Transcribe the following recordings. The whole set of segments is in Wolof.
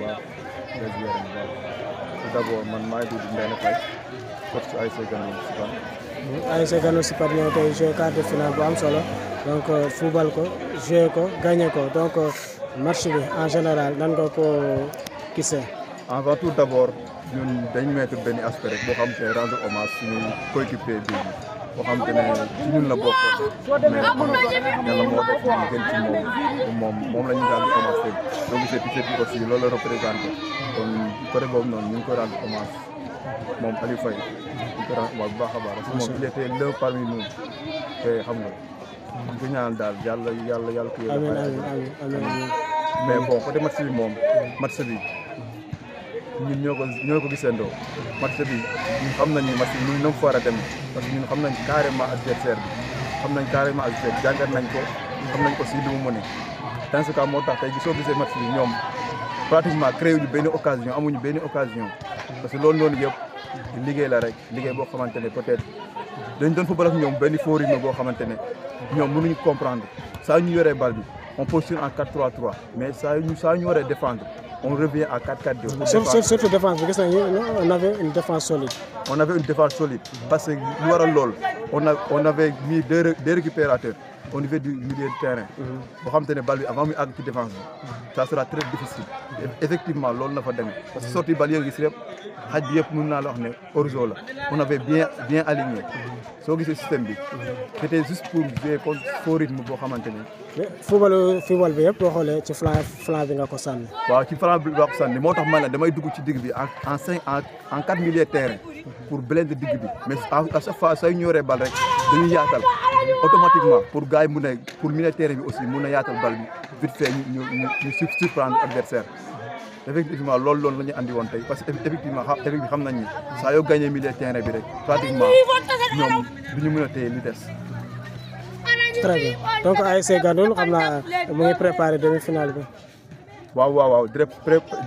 bu baax wér gu yaram bu baax d' abord man maa ngi tudd Mbène Faye coach ASC Gandoul Sipar. ASC Gandoul Sipar ñoo tey joué quart de finale bu am solo donc euh, football ko joué ko gagné ko donc euh, match bi en général nan nga ko gisee. avant tout d' abord ñun dañ mettre benn aspect rek boo xam te rendre hommage suñu coéquipier bi. boo xam te ne ci ñun la bokkoon ah, mais yàlla moo def ñu gën moom moom la ñu daal di commencé soo gisee ci bi aussi loolu la représenté kon côté boobu noonu ñu ngi ko daal di commencé moom Aliou Faye ñu ko bu baax a baax parce que moom il était l'un parmi nous xam nga ñu ko ñaan daal yàlla yàlla yàlla ko yàlla mais bon côté match bi moom match bi ñun ñoo ko ñoo ko gisandoo match bi xam na match bi ñu nam far a demee parce que ñun xam nañ carrément adversaire bi xam nañ carrément adversaire bi jàngat nañ ko xam nañ ko si li mu mënee dans ce cas moo tax tey gi soo gisee match ñoom pratiquement créé ñu benn occasion amuñu benn occasion parce que loolu noonu yëpp liggéey la rek liggéey boo xamante ne peut-être dañ doon football ak ñoom benn faux rythme boo xamante ne ñoom mënuñu comprendre saa ñu yoree bal bi on postule en 4-3-3 mais saa ñu saa ñu waree défendre on revient à 4-4-2. Sur, sur, défense, on avait une défense solide. On avait une défense solide parce que nous, on, avait mis des deux récupérateurs au niveau du milieu de terrain. boo xamante ne bal avant muy àgg ci défense bi. ça sera très difficile. effectivement loolu na fa demee. parce que sorti bal yooyu gis a xaj pour nous mën naa la wax ne orzo la on avait bien bien aligné. que gisee système bi. c'était juste pour jouer comme faux rythme boo ne. mais football football bi pour aller tu ci flanc flanc bi nga ko sànni. waaw ci flanc bi nga ko sànni moo tax man la damay ci bi en 5 cinq en 4 quatre de terrain. pour blender digg bi mais à chaque fois ça ñoree bal rek. dañuy yaatal automatiquement pour gars mu mun pour militaire bi aussi mun a yaatal bal bi vite fait ñu ñu ñu surprendre adversaire effectivement loolu loolu la ñu andi woon tey parce que effectivement xam na ni saa yoo gagné milieu terrain bi rek pratiquement ñu mën a téye li très bien donc ASC Gandoul xam naa mu ngi préparé demi finale bi. waaw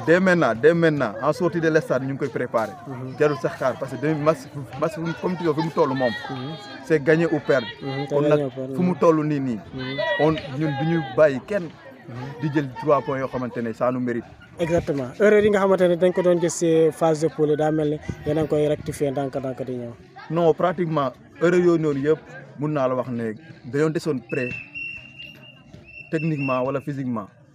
dès maintenant dès maintenant en sortie de l'estade ñu ngi koy mhm. jarul parce que comme tu mu mhm. gagner ou perdre mhm, kon nous on ñun du ñu kenn trois points ça nous mérite exactement erreur yi nga xamante ne dañ ko doon phase de poule daa mel koy rectifier di non pratiquement erreur yooyu noonu la wax techniquement wala physiquement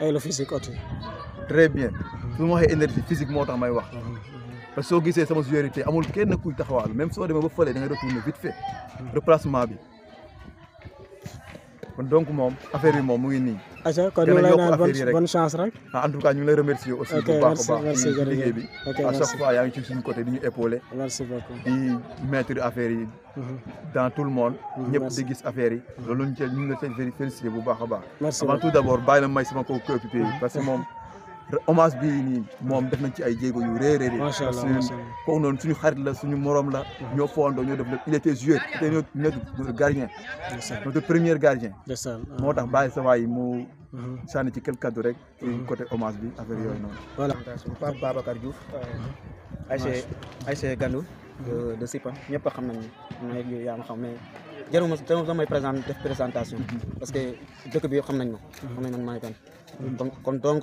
et le physique aussi. très bien je énergie physique may parce que je suis sama sécurité, amul de de même si ba da retourner vite fait. kon donc moom affaire bi moom mu ngi nii. aca kon ñu ngi rek ah, en tout cas ñu ngi lay aussi bu baax a baax bi à chaque di ñu di mettre affaire mhm. dans tout le monde mhm, ñëpp di gis affaire mhm. loolu ñu ci ñu ngi la féliciter bu baax a baax avant tout d'abord bàyyi la may sama ko coéquipier yi parce que moom hommage bi ni mom def nañ ci ay jéego yu rëy rëy macha allah kooku noonu suñu xarit la suñu morom la mhm. ño fondo ño def il était joueur était notre gardien notre premier gardien motax baye bàyyi sa mu mhm. sànni ci quelques cadeaux rek mhm. côté hommage bi affaire yoy non voilà Pape Babacar Diouf Aïssé Aïssé Gandou euh, de Sipan ñepp a xam nañ ne yaa ma xam mais jaruma jaruma may def présentation parce que dëkk bi xam nañ ma xam nañ ma maay kon kon donc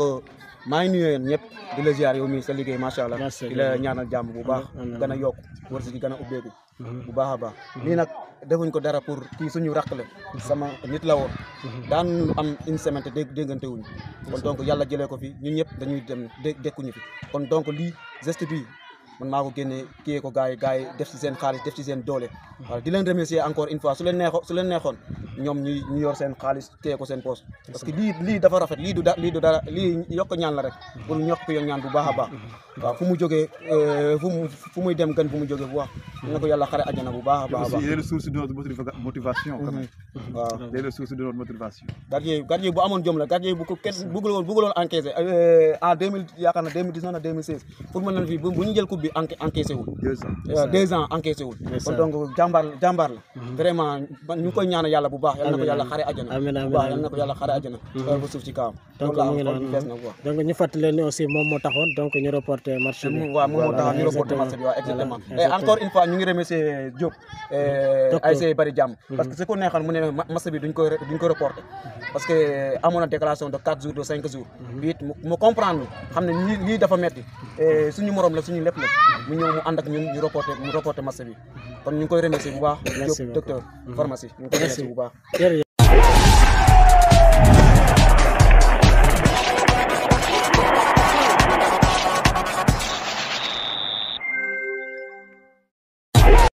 maa ngi nuyoo yéen ñëpp di la ziar yow mii sa liggéey macha allah di la ñaanal jàmm bu baax gën a yokk wërsëg gi gën a ubbeeku mhm. bu baax a baax mhm. lii nag defuñ ko dara pour kii suñu rakk le mhm. sama nit la woon daan am une semaine te dégg déggante wuñ kon donc yàlla jëlee ko fi ñun ñëpp dañuy dem dé dékkuñu fi kon donc lii geste bi man maa ko génne kiyee ko gars yi gars yi def ci seen xaalis def ci seen doole. waaw di leen remercier encore in fois su leen neexoon su leen neexoon ñom ñuy ñu yor seen xaaliss téé ko seen poos parce que li li dafa rafet li du da lii du dara lii yokk ñaan la rek pour ñok yo ñaan bu baaxa baax wa fu mu jógee euh, fu mu fu muy dem gën fu mu joggé bu baax na ko yàlla xare àjjana bu baaxa baax ba baax c'est source mhm. de notre motivation quand même waaw source de notre motivation gardien gardien bu amone jom la gardien bu ko kenn bëggul woon bëggul woon encaissé euh, en 2000 yakana 2019 2016 pour mën fi bu ñu jël coupe bi encaissé wul 2 euh, ans encaissé wul donc jambar jambar la mhm. vraiment ñu koy ñaan yalla bu baax yal na ko yàlla xare àjjana amiin amiin bu baax yal na ko yàlla xare àjjana mm-hmm. heure bu suuf ci kawam donc mu ngi noonu donc ñu fàttali leen aussi moom moo taxoon donc ñu reporté match bi waaw moom moo taxoon ñu reporté match bi waaw exactement et encore une fois ñu ngi remercier Diop mm-hmm. euh, ASC Bari Jàmm mm-hmm. parce que su ko neexoon mu ne match bi duñ ko duñ ko reporté parce que amoon na déclaration de quatre jours de cinq jours bi it mu comprendre xam ne lii dafa metti suñu morom la suñu lépp la mu ñëw mu ànd ak ñun ñu reporté mu reporté match bi kon ñu koy remercier bu baax. docteur pharmacie ñu ngi koy remercier bu baax.